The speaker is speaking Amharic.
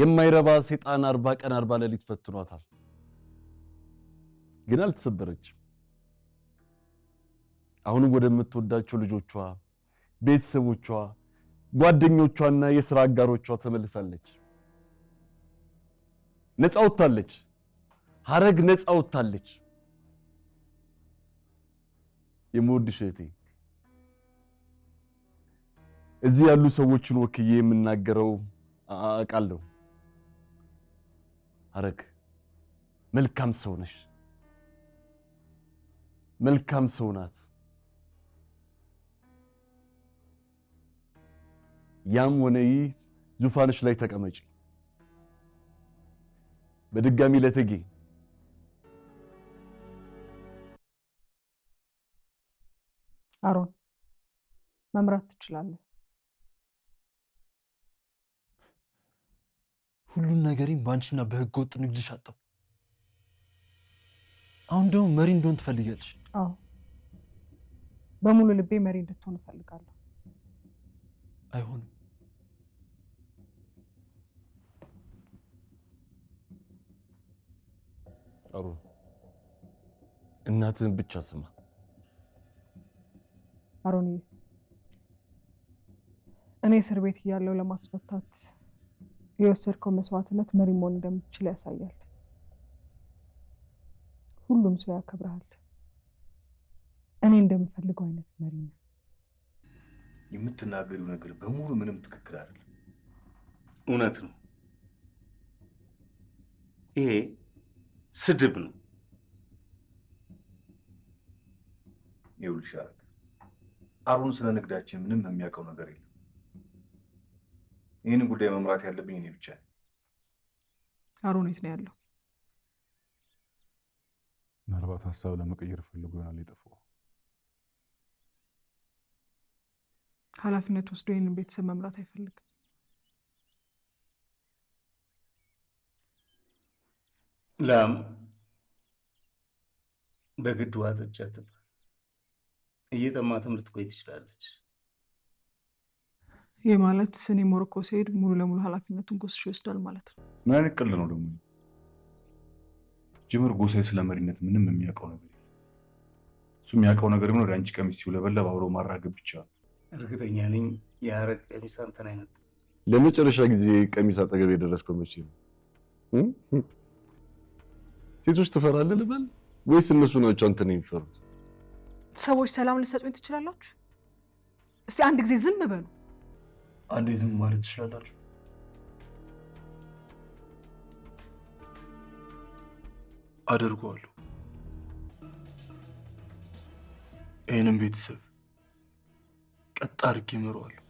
የማይረባ ሰይጣን አርባ ቀን አርባ ሌሊት ፈትኗታል፣ ግን አልተሰበረችም። አሁንም ወደምትወዳቸው ልጆቿ፣ ቤተሰቦቿ፣ ጓደኞቿና የሥራ አጋሮቿ ተመልሳለች። ነፃ ወጥታለች። ሐረግ ነፃ ወጥታለች። የምወድሽ እህቴ እዚህ ያሉ ሰዎችን ወክዬ የምናገረው አውቃለሁ። አረግ መልካም ሰው ነሽ፣ መልካም ሰው ናት። ያም ሆነ ይህ ዙፋንሽ ላይ ተቀመጪ። በድጋሚ ለእቴጌ አሮን መምራት ትችላለህ። ሁሉን ነገሬን በአንቺና በህገ ወጥ ንግድሽ አጣሁ። አሁን ደግሞ መሪ እንደሆን ትፈልጊያለሽ? አዎ፣ በሙሉ ልቤ መሪ እንድትሆን እፈልጋለሁ። አይሆንም። አሩን፣ እናትህን ብቻ ስማ። አሮን፣ እኔ እስር ቤት እያለሁ ለማስፈታት የወሰድከው መስዋዕትነት መሪ መሆን እንደምትችል ያሳያል። ሁሉም ሰው ያከብረሃል። እኔ እንደምፈልገው አይነት መሪ ነው። የምትናገሪው ነገር በሙሉ ምንም ትክክል አይደለም። እውነት ነው። ይሄ ስድብ ነው። ይኸውልሽ አሩን ስለ ንግዳችን ምንም የሚያውቀው ነገር የለም። ይህን ጉዳይ መምራት ያለብኝ እኔ ብቻ። አሮኔት ነው ያለው? ምናልባት ሀሳብ ለመቀየር ፈልጎ ይሆናል የጠፋው። ኃላፊነት ወስዶ ይህንን ቤተሰብ መምራት አይፈልግም። ላም በግድ ውሃ ጠጫት፣ እየጠማትም ልትቆይ ትችላለች። ይህ ማለት እኔ ሞሮኮ ሲሄድ ሙሉ ለሙሉ ኃላፊነቱን ጎስሽ ይወስዳል ማለት ነው። ምን አይነት ቀልድ ነው ደግሞ? ጅምር ጎሳዬ ስለ መሪነት ምንም የሚያውቀው ነገር የለም። እሱ የሚያውቀው ነገር ምን ወደ አንቺ ቀሚስ ሲውለበለብ አብሮ ማራገብ ብቻ። እርግጠኛ ነኝ የአረቅ ቀሚስ አንተን አይነት። ለመጨረሻ ጊዜ ቀሚስ አጠገብ የደረስከው መቼ ነው? ሴቶች ትፈራለህ ልበል ወይስ እነሱ ናቸው አንተ ነው የሚፈሩት? ሰዎች ሰላም ልሰጡኝ ትችላላችሁ? እስቲ አንድ ጊዜ ዝም በሉ። አንዴ ዝም ማለት ትችላላችሁ። አደርገዋለሁ። ይህንም ቤተሰብ ቀጥ አድርጌ እመራዋለሁ።